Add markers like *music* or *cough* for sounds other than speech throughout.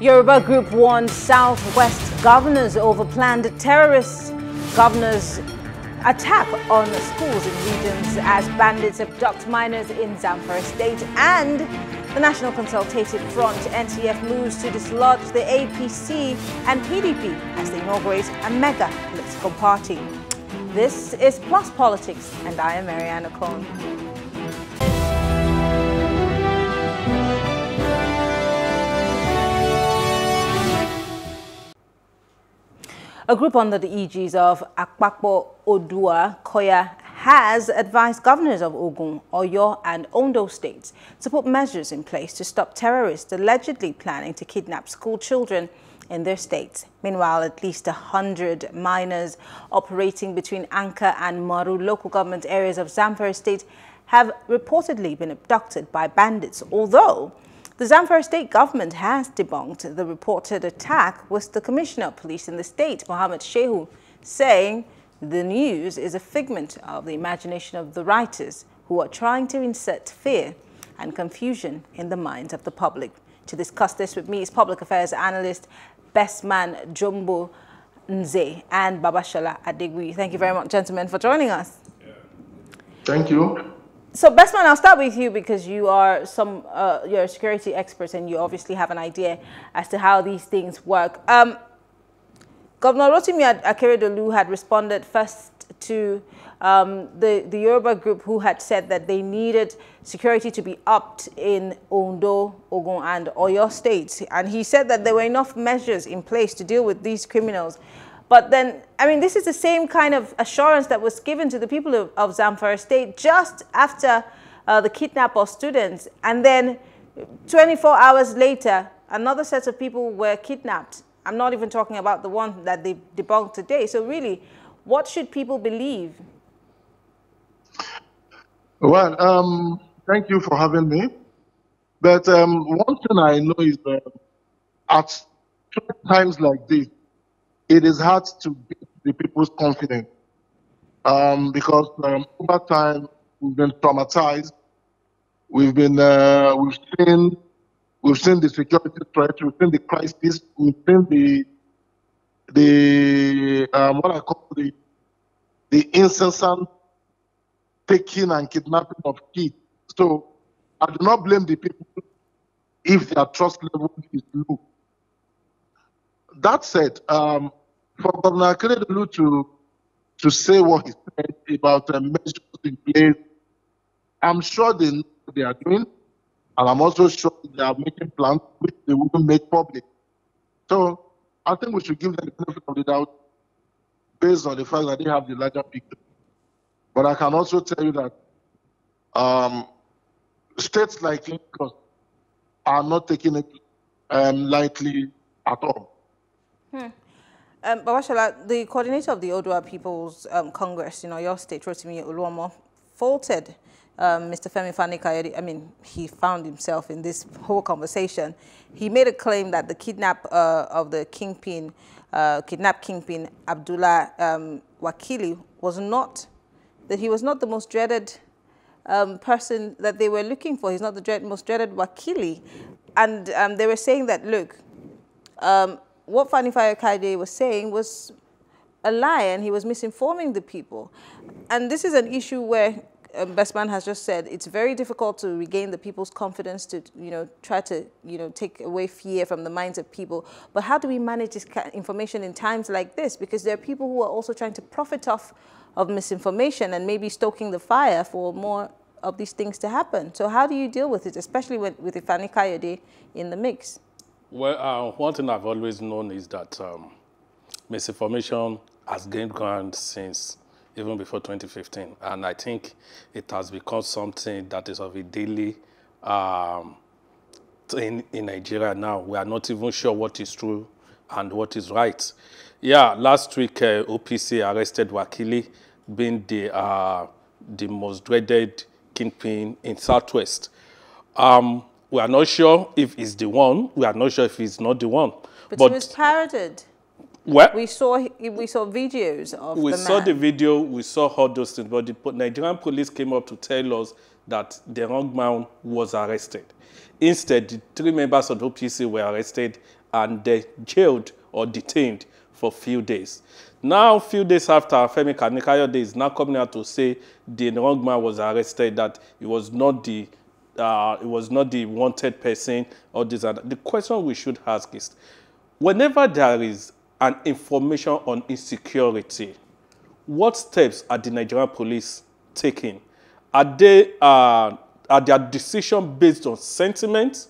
Yoruba group warns Southwest governors over planned terrorist governors attack on schools in regions as bandits abduct minors in Zamfara State and the National Consultative Front NTF moves to dislodge the APC and PDP as they inaugurate a mega political party. This is Plus Politics and I am Mariana Cohn. A group under the aegis of Akpakpo Odua Koya has advised governors of Ogun, Oyo and Ondo states to put measures in place to stop terrorists allegedly planning to kidnap school children in their states. Meanwhile, at least 100 miners operating between Anka and Maru local government areas of Zamfara state have reportedly been abducted by bandits, although the Zamfara state government has debunked the reported attack with the commissioner of police in the state, Mohammed Shehu, saying the news is a figment of the imagination of the writers who are trying to insert fear and confusion in the minds of the public. To discuss this with me is public affairs analyst, best man Jumbo Nze and Babashala Adegui. Thank you very much, gentlemen, for joining us. Thank you so Bestman, I'll start with you because you are some uh, you're a security expert and you obviously have an idea as to how these things work. Um, Governor Rotimi Akeredolu had responded first to um, the, the Yoruba group who had said that they needed security to be upped in Ondo, Ogun and Oyo states. And he said that there were enough measures in place to deal with these criminals but then, I mean, this is the same kind of assurance that was given to the people of, of Zamfara State just after uh, the kidnap of students. And then 24 hours later, another set of people were kidnapped. I'm not even talking about the one that they debunked today. So really, what should people believe? Well, um, thank you for having me. But um, one thing I know is that at times like this, it is hard to get the people's confidence um, because um, over time we've been traumatized. We've been uh, we've seen we've seen the security threat, we've seen the crisis, we've seen the the um, what I call the the incessant taking and kidnapping of kids. So I do not blame the people if their trust level is low that said, um, for Governor Akeredolu to to say what he said about the um, measures in place, I'm sure they know what they are doing, and I'm also sure they are making plans which they wouldn't make public. So I think we should give them the benefit of the doubt based on the fact that they have the larger picture. But I can also tell you that um, states like Lagos are not taking it um, lightly at all. Um, Bawashala, the coordinator of the Odua People's um, Congress in Oyo State, Rotimi Uluomo, faulted um, Mr. Femi Fanikayede. I mean, he found himself in this whole conversation. He made a claim that the kidnap uh, of the kingpin, uh, kidnap kingpin Abdullah um, Wakili was not, that he was not the most dreaded um, person that they were looking for. He's not the dread, most dreaded Wakili. And um, they were saying that, look, um, what Fanifayo Kaide was saying was a lie and he was misinforming the people. And this is an issue where um, Bestman has just said it's very difficult to regain the people's confidence to, you know, try to, you know, take away fear from the minds of people. But how do we manage this information in times like this? Because there are people who are also trying to profit off of misinformation and maybe stoking the fire for more of these things to happen. So how do you deal with it, especially with, with Ifani Kayode in the mix? Well, uh, one thing I've always known is that um, misinformation has gained ground since even before 2015. And I think it has become something that is of a daily um, thing in Nigeria now. We are not even sure what is true and what is right. Yeah, last week, uh, OPC arrested Wakili, being the, uh, the most dreaded kingpin in Southwest. Um, we are not sure if he's the one. We are not sure if he's not the one. But, but was parodied. Well, we saw we saw videos of. We the saw the video. We saw all those things. But the Nigerian police came up to tell us that the wrong man was arrested. Instead, the three members of the OPC were arrested and they jailed or detained for a few days. Now, a few days after, Femi Kanikayode is now coming out to say the wrong man was arrested, that he was not the uh, it was not the wanted person or this and that. The question we should ask is, whenever there is an information on insecurity, what steps are the Nigerian police taking? Are they uh, are their decision based on sentiment?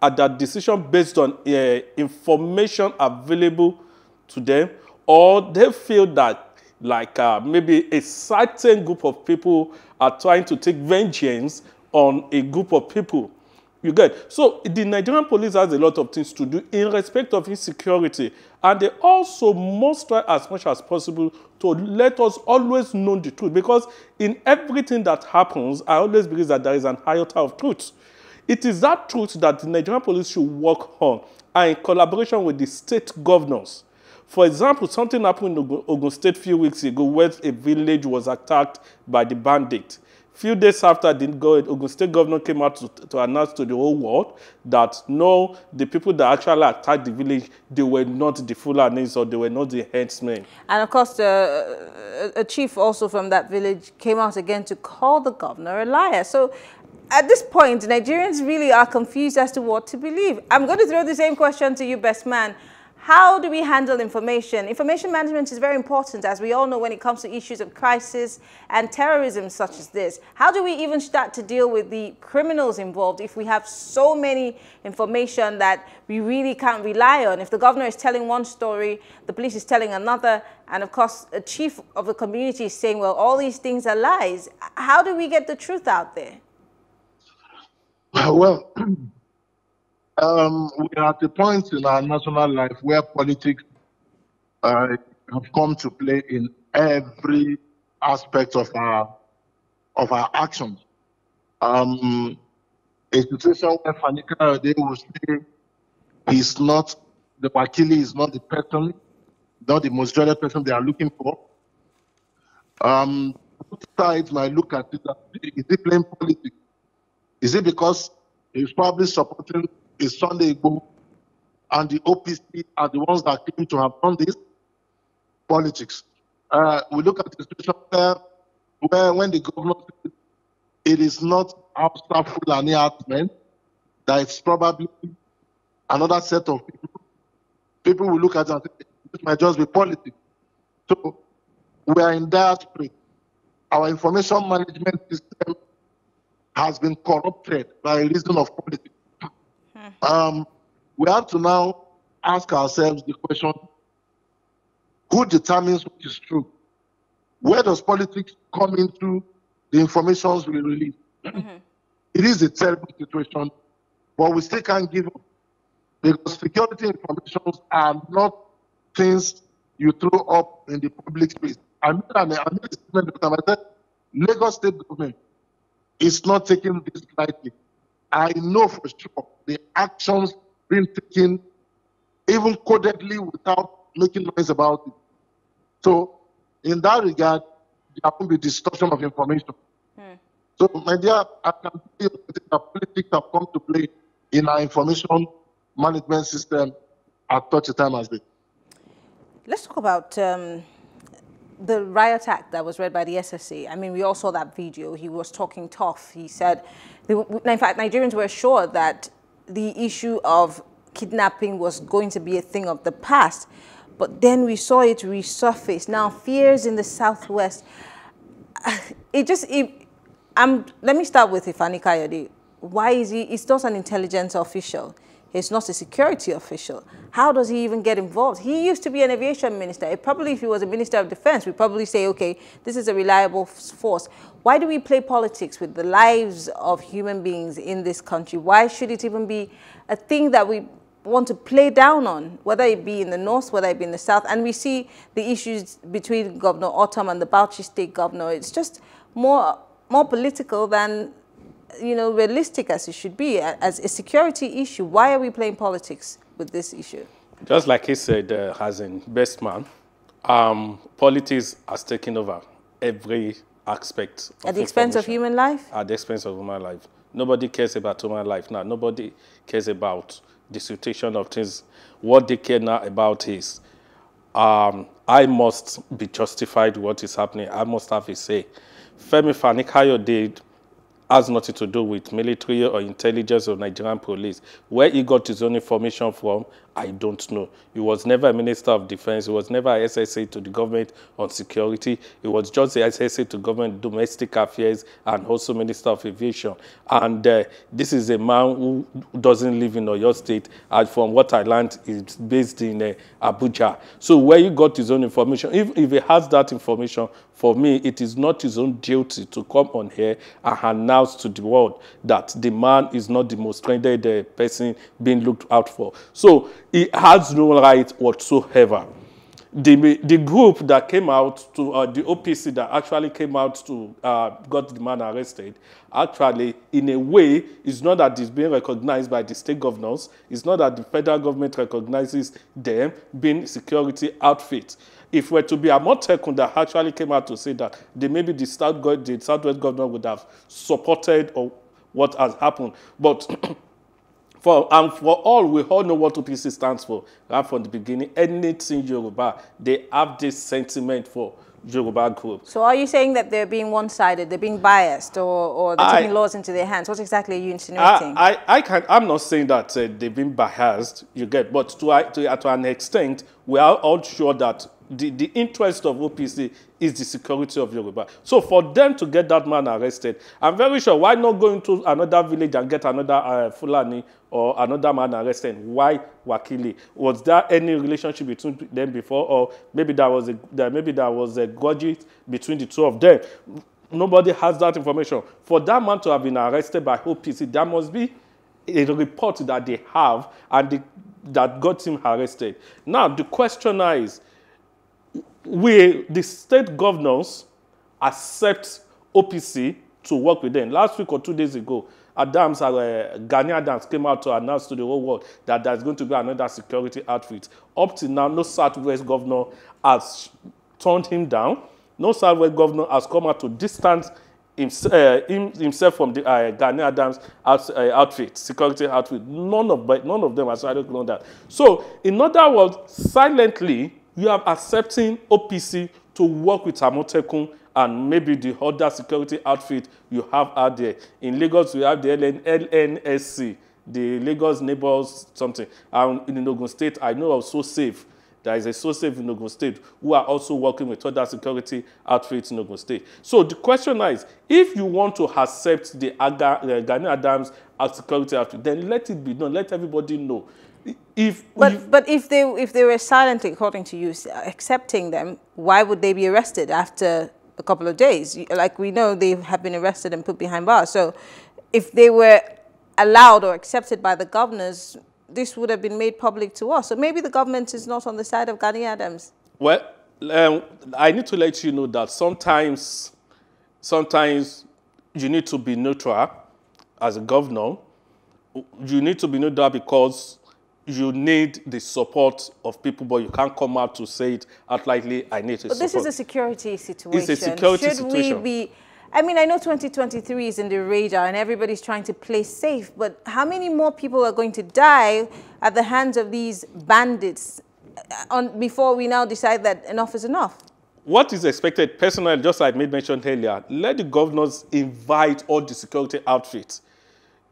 Are their decision based on uh, information available to them? Or they feel that like uh, maybe a certain group of people are trying to take vengeance on a group of people. You get? So the Nigerian police has a lot of things to do in respect of insecurity. And they also must try as much as possible to let us always know the truth. Because in everything that happens, I always believe that there is an iota of truth. It is that truth that the Nigerian police should work on and in collaboration with the state governors. For example, something happened in Ogun State a few weeks ago where a village was attacked by the bandit few days after the Ogun State governor came out to, to, announce to the whole world that no, the people that actually attacked the village, they were not the Fulanis or they were not the henchmen. And of course, uh, a chief also from that village came out again to call the governor a liar. So at this point, Nigerians really are confused as to what to believe. I'm going to throw the same question to you, best man. How do we handle information? Information management is very important, as we all know, when it comes to issues of crisis and terrorism such as this. How do we even start to deal with the criminals involved if we have so many information that we really can't rely on? If the governor is telling one story, the police is telling another, and of course, a chief of the community is saying, well, all these things are lies. How do we get the truth out there? Well, *clears throat* Um, we are at a point in our national life where politics uh, have come to play in every aspect of our of our actions. Um, a situation where Fanny they will say he's not the Wakili is not the person, not the most dreaded person they are looking for. Um, both sides might look at it as, is he playing politics? Is it because he's probably supporting is Sunday Igbo and the OPC are the ones that claim to have done this politics. Uh, we look at the situation where, where when the government, it is not Hausa and men, that it's probably another set of people. People will look at it and say, this might just be politics. So we are in dire straits. Our information management system has been corrupted by reason of politics. Mm-hmm. Um, we have to now ask ourselves the question who determines what is true? Where does politics come into the information we release? Mm-hmm. It is a terrible situation, but we still can't give up because security information are not things you throw up in the public space. I made, I made statement I said Lagos state government is not taking this lightly. I know for sure the actions being taken, even codedly without making noise about it. So, in that regard, there will be distortion of information. Hmm. So, my dear, I can feel that politics have come to play in our information management system at such a time as this. Let's talk about. Um the riot act that was read by the SSC, I mean, we all saw that video. He was talking tough. He said, they, in fact, Nigerians were sure that the issue of kidnapping was going to be a thing of the past. But then we saw it resurface. Now, fears in the Southwest, *sighs* it just, it, I'm, let me start with Ifani Kayode. Why is he, he's not an intelligence official is not a security official. How does he even get involved? He used to be an aviation minister. It probably, if he was a minister of defense, we'd probably say, okay, this is a reliable force. Why do we play politics with the lives of human beings in this country? Why should it even be a thing that we want to play down on, whether it be in the north, whether it be in the south. And we see the issues between Governor Autumn and the Bauchi state governor. It's just more, more political than you know, realistic as it should be, as a security issue, why are we playing politics with this issue? Just like he said, uh, Hazen, best man, um, politics has taken over every aspect. at the expense of human life? At the expense of human life. Nobody cares about human life now. Nobody cares about the situation of things. What they care now about is, um, I must be justified what is happening. I must have a say. Femi Fanikayo did has nothing to do with military or intelligence or Nigerian police. Where he got his own information from I don't know. He was never a minister of defense. He was never a SSA to the government on security. He was just a SSA to government domestic affairs and also minister of aviation. And uh, this is a man who doesn't live in Oyo State. And uh, from what I learned, he's based in uh, Abuja. So where he got his own information, if, if he has that information, for me, it is not his own duty to come on here and announce to the world that the man is not the most trended uh, person being looked out for. So he has no right whatsoever. The, the group that came out to, uh, the OPC that actually came out to uh, got the man arrested, actually, in a way, it's not that it's being recognized by the state governors, it's not that the federal government recognizes them being security outfits. If we're to be Amotekun that actually came out to say that, then maybe the, South, the Southwest government would have supported or what has happened. But *clears throat* For, and for all, we all know what OPC stands for. Right from the beginning, anything Yoruba, they have this sentiment for Yoruba group. So are you saying that they're being one-sided, they're being biased, or, or they're I, taking laws into their hands? What exactly are you insinuating? I, I, I can, I'm not saying that uh, they've been biased, you get, but to, to, to an extent, we are all sure that the, the interest of OPC is the security of Yoruba. So for them to get that man arrested, I'm very sure why not go into another village and get another uh, Fulani or another man arrested? Why Wakili? Was there any relationship between them before, or maybe there was a maybe there was a grudge between the two of them? Nobody has that information. For that man to have been arrested by OPC, there must be a report that they have and the, that got him arrested. Now the question is we, the state governors, accept OPC to work with them. Last week or two days ago, Adams, uh, Ghani Adams came out to announce to the whole world that there is going to be another security outfit. Up till now, no Southwest governor has turned him down. No Southwest governor has come out to distance himself, uh, him, himself from the uh, Ghani Adams out, uh, outfit, security outfit. None of, none of them has actually done that. So, in other words, silently, you are accepting OPC to work with Amotekun and maybe the other security outfit you have out there. In Lagos, we have the LN LNSC, the Lagos Neighbors something. And in Ogun State, I know of So Safe. There is a So Safe in Ogun State who are also working with other security outfits in Ogun State. So the question is, if you want to accept the Aga, uh, Adams security outfit, then let it be known. Let everybody know. if but but if they if they were silently, according to you, accepting them, why would they be arrested after a couple of days? Like we know, they have been arrested and put behind bars. So, if they were allowed or accepted by the governors, this would have been made public to us. So maybe the government is not on the side of Gani Adams. Well, um, I need to let you know that sometimes, sometimes you need to be neutral as a governor. You need to be neutral because you need the support of people, but you can't come out to say it outrightly, I need to But this is a security situation. It's a security Should situation. we be... I mean, I know 2023 is in the radar and everybody's trying to play safe, but how many more people are going to die at the hands of these bandits uh, on, before we now decide that enough is enough? What is expected, personally, just like I made earlier, let the governors invite all the security outfits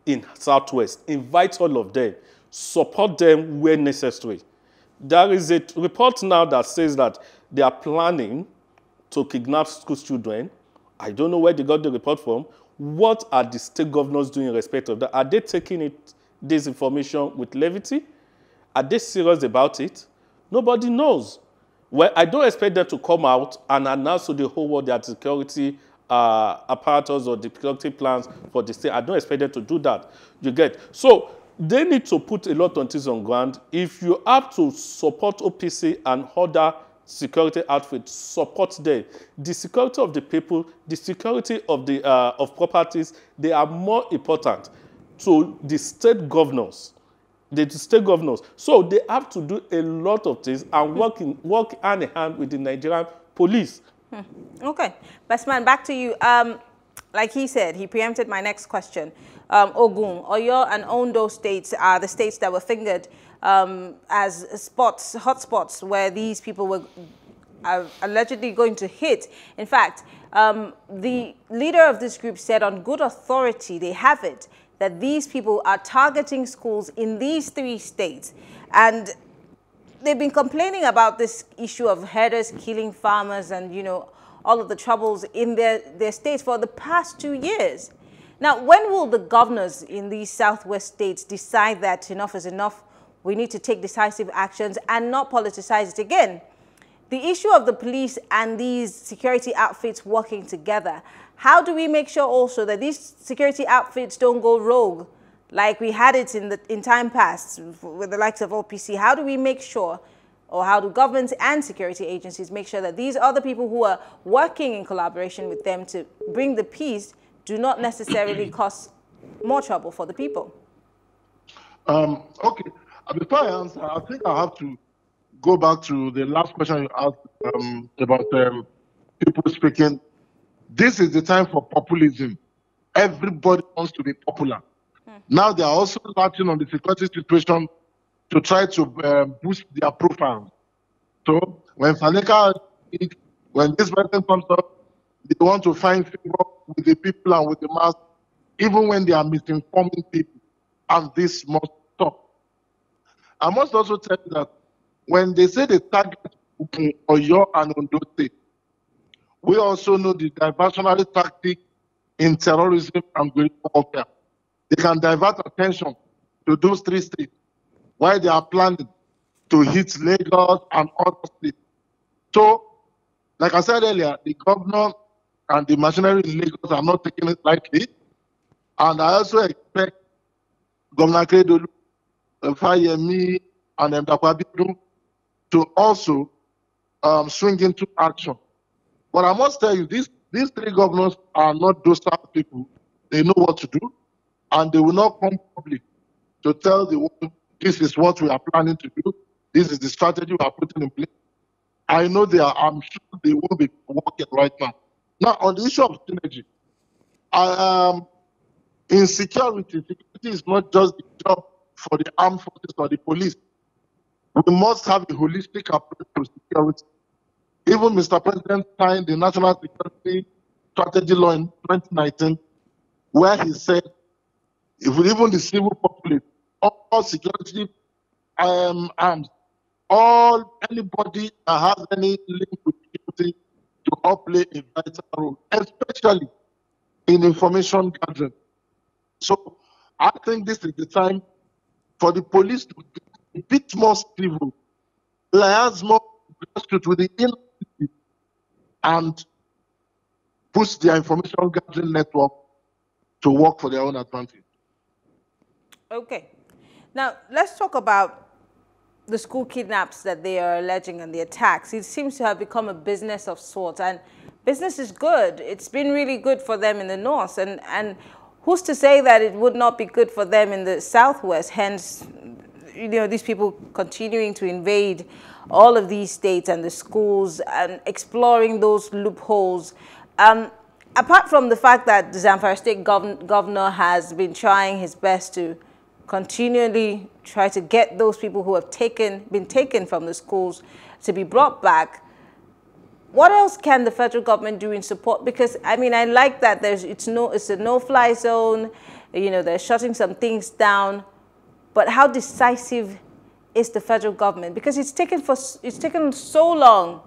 in Southwest, invite all of them support them where necessary. There is a report now that says that they are planning to kidnap school children. I don't know where they got the report from. What are the state governors doing in respect of that? Are they taking it, this information with levity? Are they serious about it? Nobody knows. Well, I don't expect them to come out and announce to the whole world their security uh, apparatus or the security plans for the state. I don't expect them to do that. You get so they need to put a lot of things on ground. If you have to support OPC and other security outfits, support them the security of the people the security of the uh, of properties they are more important to the state governors the state governors so they have to do a lot of things and hmm. work in work hand in hand with the nigerian police hmm. okay Basman, back to you um like he said, he preempted my next question. Um, Ogun, Oyo, and Ondo states are the states that were fingered um, as spots, hotspots where these people were uh, allegedly going to hit. In fact, um, the leader of this group said on good authority, they have it, that these people are targeting schools in these three states. And they've been complaining about this issue of herders killing farmers and, you know, all of the troubles in their, their states for the past two years. Now, when will the governors in these southwest states decide that enough is enough? We need to take decisive actions and not politicize it again. The issue of the police and these security outfits working together, how do we make sure also that these security outfits don't go rogue like we had it in, the, in time past with the likes of OPC? How do we make sure or how do governments and security agencies make sure that these other people who are working in collaboration with them to bring the peace do not necessarily *clears throat* cause more trouble for the people? Um, okay. Uh, before I answer, I think I have to go back to the last question you asked um, about um, people speaking. This is the time for populism. Everybody wants to be popular. Hmm. Now they are also latching on the security situation to try to um, boost their profile. So when Saneka, when this person comes up, they want to find favor with the people and with the mass, even when they are misinforming people. And this must stop. I must also tell you that when they say the target Oyo and Ondo we also know the diversionary tactic in terrorism and guerrilla warfare. They can divert attention to those three states why they are planning to hit Lagos and other states. So, like I said earlier, the governor and the machinery in Lagos are not taking it lightly. And I also expect Governor Kredolu, uh, Fayemi, and Mdakwabidu to also um, swing into action. But I must tell you, these, these three governors are not of people. They know what to do, and they will not come public to tell the world this is what we are planning to do. This is the strategy we are putting in place. I know they are, I'm sure they will be working right now. Now, on the issue of synergy, um, insecurity, security is not just the job for the armed forces or the police. We must have a holistic approach to security. Even Mr. President signed the National Security Strategy Law in 2019, where he said, if even the civil populace all security um, arms, all anybody that has any link with security to all play a vital role, especially in information gathering. So I think this is the time for the police to be a bit more civil, liaise more with the inner and push their information gathering network to work for their own advantage. Okay. Now, let's talk about the school kidnaps that they are alleging and the attacks. It seems to have become a business of sorts, and business is good. It's been really good for them in the north, and, and who's to say that it would not be good for them in the southwest, hence you know, these people continuing to invade all of these states and the schools and exploring those loopholes. Um, apart from the fact that the Zamfara state gov governor has been trying his best to continually try to get those people who have taken, been taken from the schools to be brought back. What else can the federal government do in support? Because, I mean, I like that there's, it's, no, it's a no-fly zone, you know, they're shutting some things down, but how decisive is the federal government? Because it's taken, for, it's taken so long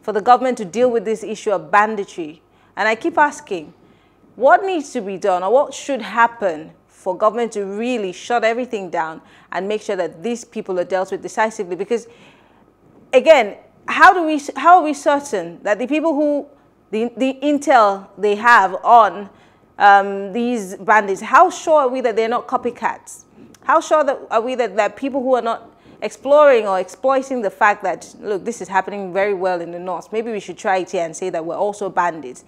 for the government to deal with this issue of banditry. And I keep asking, what needs to be done or what should happen for government to really shut everything down and make sure that these people are dealt with decisively. Because, again, how do we how are we certain that the people who the the intel they have on um, these bandits, how sure are we that they're not copycats? How sure that, are we that, that people who are not exploring or exploiting the fact that, look, this is happening very well in the north. Maybe we should try it here and say that we're also bandits.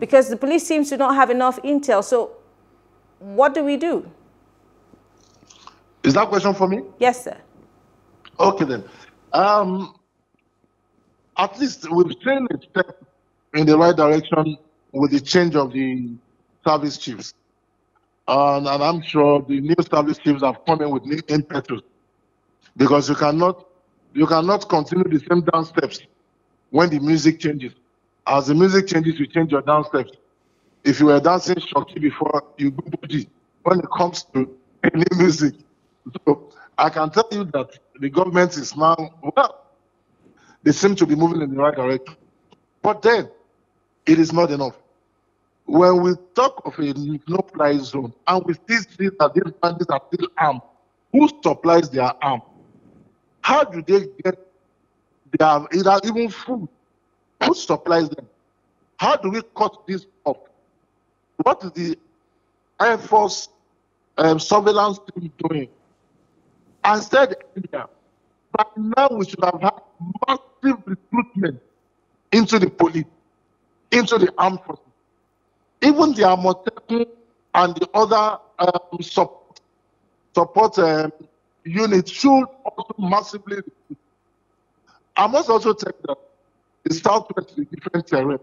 Because the police seems to not have enough intel. So what do we do? Is that question for me? Yes, sir. Okay, then. Um, at least we've seen a step in the right direction with the change of the service chiefs. Um, and I'm sure the new service chiefs have come in with new impetus because you cannot, you cannot continue the same down steps when the music changes. As the music changes, you change your down steps. If you were dancing shoki before, you go booty when it comes to any music. So I can tell you that the government is now, well, they seem to be moving in the right direction. But then, it is not enough. When we talk of a no-fly zone, and we still see that these bandits are still armed, who supplies their arm? How do they get their either even food? Who supplies them? How do we cut this off? What is the Air Force um, surveillance team doing? I said earlier, by now we should have had massive recruitment into the police, into the armed forces. Even the Amoteku and the other um, support, support um, units should also massively recruit. I must also take that the Southwest is different terrain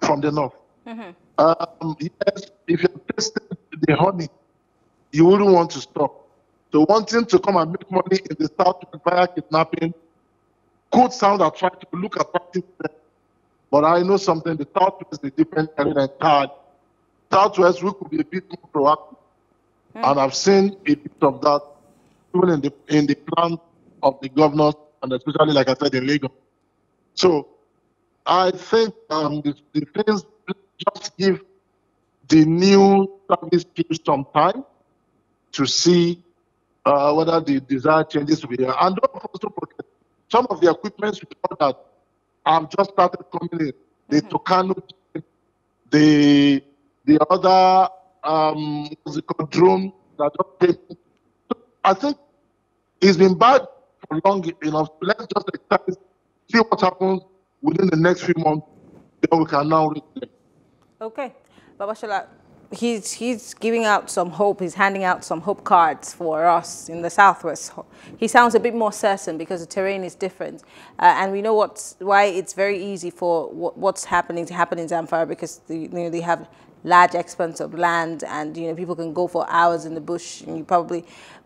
from the North. Mm-hmm. Um, yes, if you're the honey, you wouldn't want to stop. So wanting to come and make money in the South via kidnapping could sound attractive, look attractive, but I know something, the Southwest is a different area than Card. Southwest, we could be a bit more proactive. Mm-hmm. And I've seen a bit of that even in the, in the plan of the governors, and especially, like I said, in Lagos. So I think um, the, the things just give the new service team some time to see uh, whether the desired changes will be there. And don't also forget, some of the equipments we i have just started coming in. The mm mm-hmm. Tocano, the the other um, what's it called, drone that just came. So I think it's been bad for long enough. Let's just see what happens within the next few months. Then we can now reach Okay, Baba Shala, he's, he's giving out some hope. He's handing out some hope cards for us in the Southwest. He sounds a bit more certain because the terrain is different. Uh, and we know what's, why it's very easy for what's happening to happen in Zamfara because the, you know, they have large expanse of land and you know people can go for hours in the bush and you probably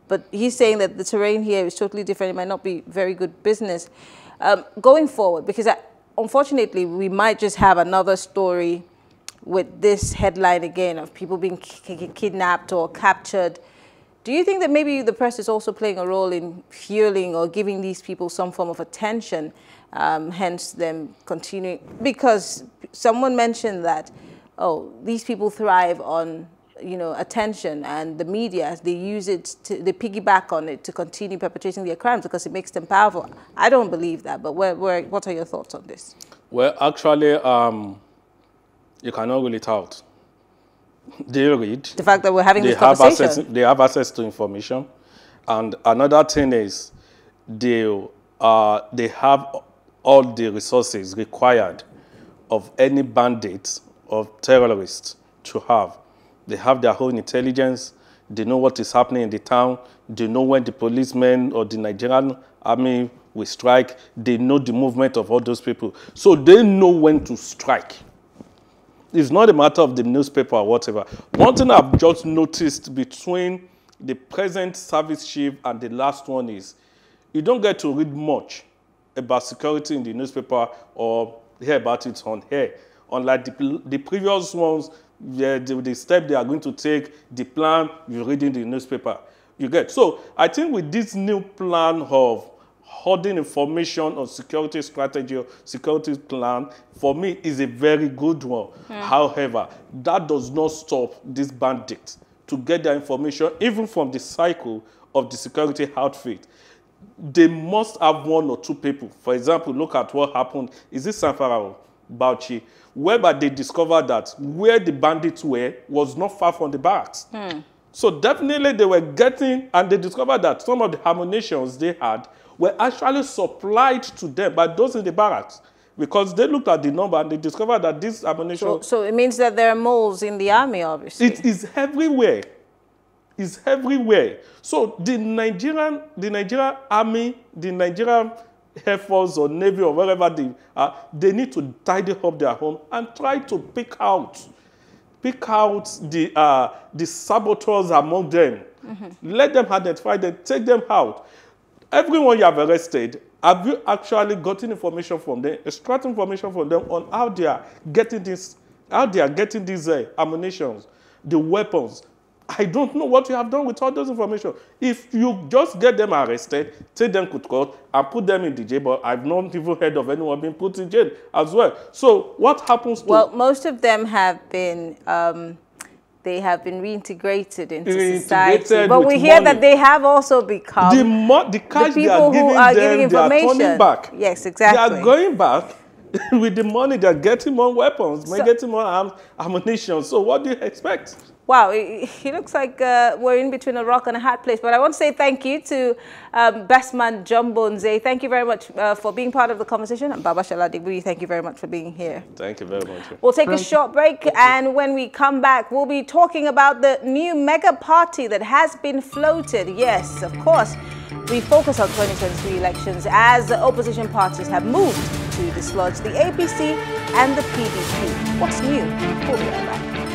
but he's saying that the terrain here is totally different it might not be very good business um, going forward because I, uh, unfortunately we might just have another story with this headline again of people being kidnapped or captured. Do you think that maybe the press is also playing a role in fueling or giving these people some form of attention, um, hence them continuing? Because someone mentioned that, oh, these people thrive on you know, attention and the media, they use it, to, they piggyback on it to continue perpetrating their crimes because it makes them powerful. I don't believe that, but where, where, what are your thoughts on this? Well, actually, um, you cannot rule it out. They read. The fact that we're having they this have conversation. Access, they have access to information. And another thing is they, uh, they have all the resources required of any bandits or terrorists to have. They have their own intelligence. They know what is happening in the town. They know when the policemen or the Nigerian army will strike. They know the movement of all those people. So they know when to strike it's not a matter of the newspaper or whatever. One thing I've just noticed between the present service chief and the last one is you don't get to read much about security in the newspaper or hear about it on here. Unlike the, the previous ones, the, the, the step they are going to take, the plan, you read in the newspaper. You get. So I think with this new plan of holding information on security strategy or security plan, for me, is a very good one. Hmm. However, that does not stop these bandits to get their information, even from the cycle of the security outfit. They must have one or two people. For example, look at what happened. Is it Sanfarao? Bauchi, whereby they discovered that where the bandits were was not far from the barracks. Hmm. So definitely they were getting, and they discovered that some of the ammunitions they had were actually supplied to them by those in the barracks because they looked at the number and they discovered that this ammunition... So, so it means that there are moles in the army, obviously. It is everywhere. It's everywhere. So the Nigerian, the Nigerian army, the Nigerian Air Force or Navy or wherever they are, they need to tidy up their home and try to pick out, pick out the, uh, the saboteurs among them. Mm -hmm. Let them identify them, take them out. everyone you have arrested, have you actually gotten information from them, extract information from them on how they are getting this, how they are getting these uh, ammunition, the weapons? I don't know what you have done with all those information. If you just get them arrested, take them to court, and put them in the jail, but I've not even heard of anyone being put in jail as well. So what happens to... Well, most of them have been... Um they have been reintegrated into reintegrated society. But we hear money. that they have also become the, mo- the, the people who are them, giving information. They are back. Yes, exactly. They are going back *laughs* with the money. They are getting more weapons, they're so, getting more arms, ammunition. So what do you expect? wow, he, looks like uh, we're in between a rock and a hard place. But I want to say thank you to um, best man John Bonze. Thank you very much uh, for being part of the conversation. And Baba Shaladi Digbui, thank you very much for being here. Thank you very much. We'll take thank a short break. And when we come back, we'll be talking about the new mega party that has been floated. Yes, of course. We focus on 2023 elections as the opposition parties have moved to dislodge the APC and the PDP. What's new? We'll be right back.